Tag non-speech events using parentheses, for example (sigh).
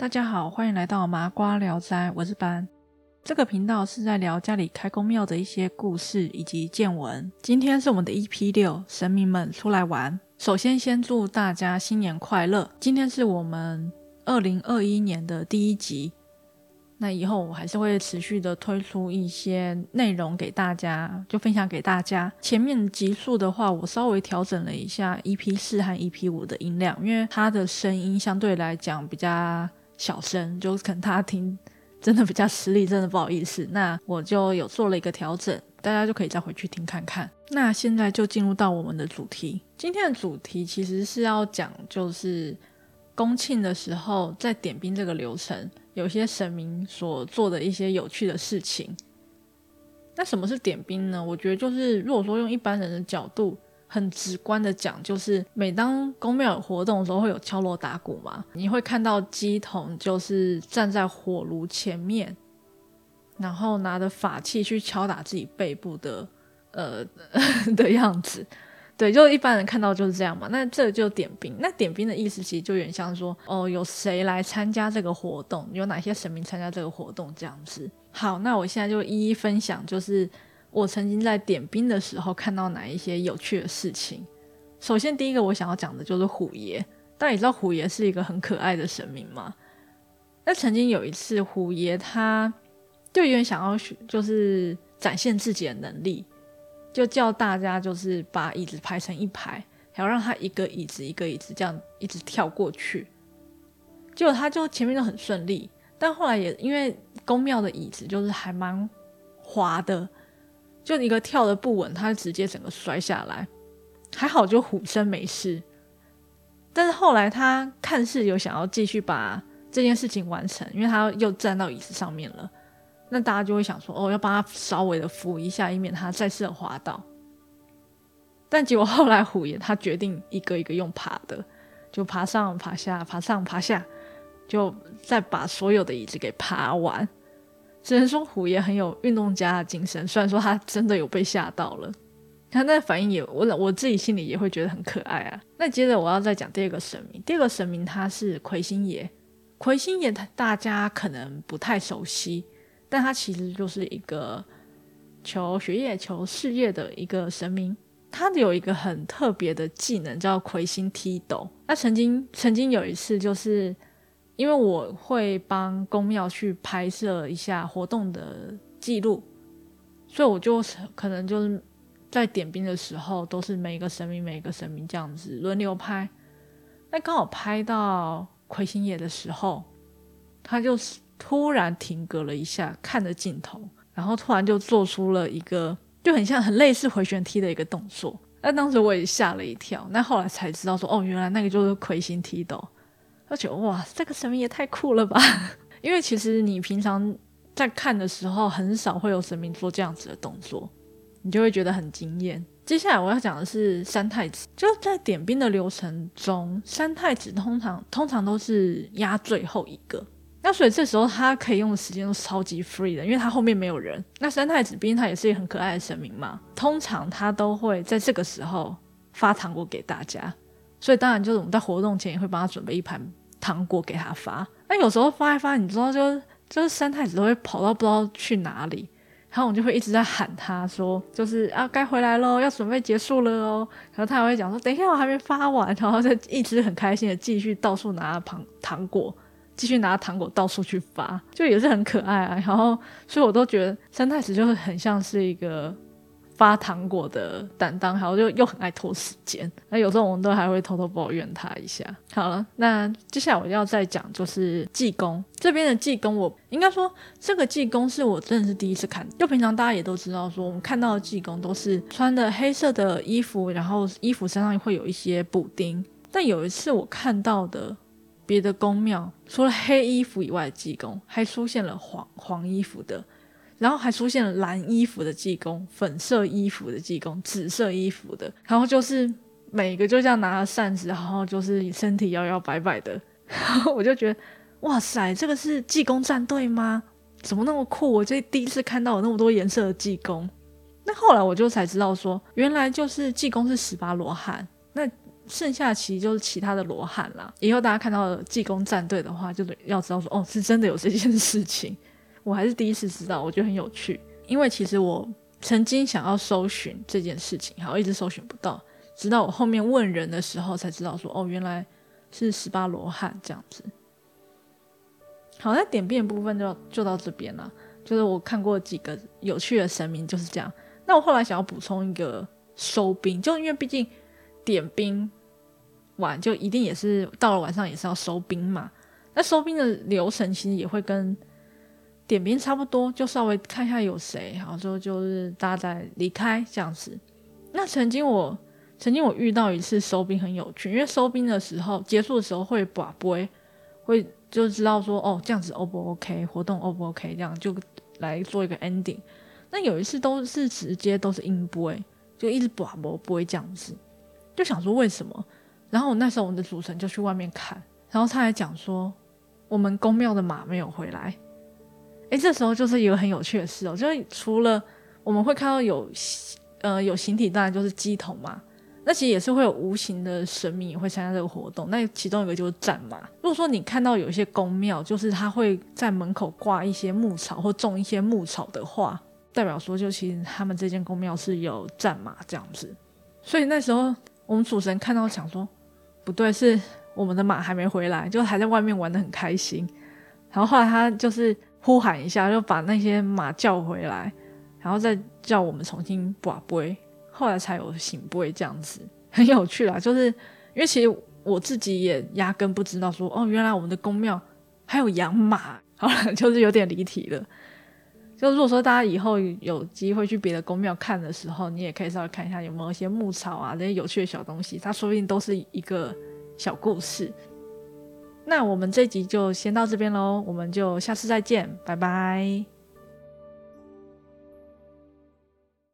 大家好，歡迎來到《麻瓜聊齋》，我是班。這個頻道是在聊家裡開宮廟的一些故事以及見聞。今天是我們的 EP 六，神明們出來玩。首先，先祝大家新年快樂！今天是我們二零二一年的第一集。那以後我還是會持續的推出一些內容給大家，就分享給大家。前面集數的話，我稍微調整了一下 EP 四和 EP 五的音量，因為它的聲音相對來講比較小聲，就是可能他聽真的比較吃力，真的不好意思。那我就有做了一個調整，大家就可以再回去聽看看。那現在就進入到我們的主題，今天的主題其實是要講，就是宮慶的時候在點兵這個流程，有些神明所做的一些有趣的事情。那什麼是點兵呢？我覺得就是，如果說用一般人的角度。很直觀地講，就是每當宮廟有活動的時候，會有敲鑼打鼓嘛，你會看到乩童就是站在火爐前面，然後拿着法器去敲打自己背部的呃的樣子，對，就一般人看到就是這樣嘛。那這就點兵，那點兵的意思其實就有點像說，哦，有誰來參加這個活動？有哪些神明參加這個活動？這樣子。好，那我現在就一一分享，就是。我曾經在點兵的時候看到哪一些有趣的事情。首先，第一個我想要講的就是虎爺。但你也知道虎爺是一個很可愛的神明嘛。那曾經有一次，虎爺他就有點想要就是展現自己的能力，就叫大家就是把椅子排成一排，還要讓他一個椅子一個椅子這樣一直跳過去。結果他就前面就很順利，但後來也因為宮廟的椅子就是還蠻滑的。就一個跳的不穩，他直接整個摔下來，還好就虎生沒事。但是後來他看似有想要繼續把這件事情完成，因為他又站到椅子上面了，那大家就會想說，哦，要幫他稍微的扶一下，以免他再次滑倒。但結果後來虎爺他決定一個一個用爬的，就爬上爬下，爬上爬下，就再把所有的椅子給爬完。只能說虎爺很有運動家的精神，雖然說他真的有被嚇到了，他那反應也我我自己心裡也會覺得很可愛啊。那接着我要再講第二個神明，第二個神明他是魁星爺，魁星爺大家可能不太熟悉，但他其實就是一個求學業、求事業的一個神明，他有一個很特別的技能叫魁星踢斗。他曾經曾經有一次就是。因為我會幫宮廟去拍攝一下活動的記錄，所以我就可能就是在點兵的時候，都是每一個神明、每一個神明這樣子輪流拍。那剛好拍到魁星爺的時候，他就突然停格了一下，看着鏡頭，然後突然就做出了一個就很像、很類似回旋踢的一個動作。那當時我也嚇了一跳，那後來才知道說，哦，原來那個就是魁星踢斗。而且，哇，這個神明也太酷了吧！ (laughs) 因為其實你平常在看的時候，很少會有神明做這樣子的動作，你就會覺得很驚艷。接下來我要講的是三太子，就在點兵的流程中，三太子通常通常都是壓最後一個，那所以這時候他可以用的時間都超級 free 的，因為他後面沒有人。那三太子畢竟他也是一個很可愛的神明嘛，通常他都會在這個時候發糖果給大家，所以當然就是我們在活動前也會幫他準備一盤，糖果給他發，但有時候發一發，你知道就就是三太子都會跑到不知道去哪裡，然後我就會一直在喊他說，就是，啊，該回來嘍，要準備結束了哦。然後他還會講說，等一下我還沒發完，然後再一直很開心的繼續到處拿糖糖果，繼續拿糖果到處去發，就也是很可愛啊。然後所以我都覺得三太子就很像是一個。發糖果的擔當，還有就又很愛拖時間，那有時候我們都還會偷偷抱怨他一下。好了，那接下來我要再講就是濟公這邊的濟公，我應該說這個濟公是我真的是第一次看。就平常大家也都知道說，我們看到的濟公都是穿的黑色的衣服，然後衣服身上會有一些補丁。但有一次我看到的別的宮廟，除了黑衣服以外的濟公，還出現了黃黃衣服的。然後還出現了藍衣服的濟公、粉色衣服的濟公、紫色衣服的，然後就是每個就這樣拿着扇子，然後就是身體搖搖擺擺的。然後我就覺得，哇塞，這個是濟公戰隊嗎？怎麼那麼酷？我這第一次看到有那麼多顏色的濟公。那後來我就才知道說，原來就是濟公是十八羅漢，那剩下的其實就是其他的羅漢啦。以後大家看到濟公戰隊的話，就得要知道說，哦，是真的有這件事情。我還是第一次知道，我覺得很有趣，因為其實我曾經想要搜尋這件事情，好，一直搜尋不到，直到我後面問人的時候才知道說，哦，原來是十八羅漢這樣子。好，那點兵的部分就到就到這邊了，就是我看過幾個有趣的神明就是這樣。那我後來想要補充一個收兵，就因為畢竟點兵完就一定也是到了晚上也是要收兵嘛，那收兵的流程其實也會跟。點兵差不多，就稍微看一下有誰，然後之後就是大家在離開這樣子。那曾經我曾經我遇到一次收兵很有趣，因為收兵的時候結束的時候會拔筊，會就知道說哦這樣子 O 不 OK 活動 O 不 OK 這樣就來做一個 ending。那有一次都是直接都是陰筊，就一直廣播播這樣子，就想說為什麼？然後我那時候我們的主持人就去外面看，然後他還講說我們宮廟的馬沒有回來。哎，這時候就是一個很有趣的事哦。就是除了我們會看到有，呃，有形體，當然就是乩童嘛。那其實也是會有無形的神明也會參加這個活動。那其中一個就是戰馬。如果說你看到有一些宮廟，就是它會在門口掛一些牧草或種一些牧草的話，代表說就其實他們這間宮廟是有戰馬這樣子。所以那時候我們主神看到想說，不對，是我們的馬還沒回來，就還在外面玩得很開心。然後後來他就是。呼喊一下，就把那些馬叫回來，然後再叫我們重新拔杯，後來才有醒杯這樣子，很有趣啦。就是因為其實我自己也壓根不知道說，哦，原來我們的宮廟還有養馬，好了，就是有點離題了。就如果說大家以後有機會去別的宮廟看的時候，你也可以稍微看一下有沒有一些牧草啊這些有趣的小東西，它說不定都是一個小故事。那我們這集就先到這邊嘍，我們就下次再見，拜拜。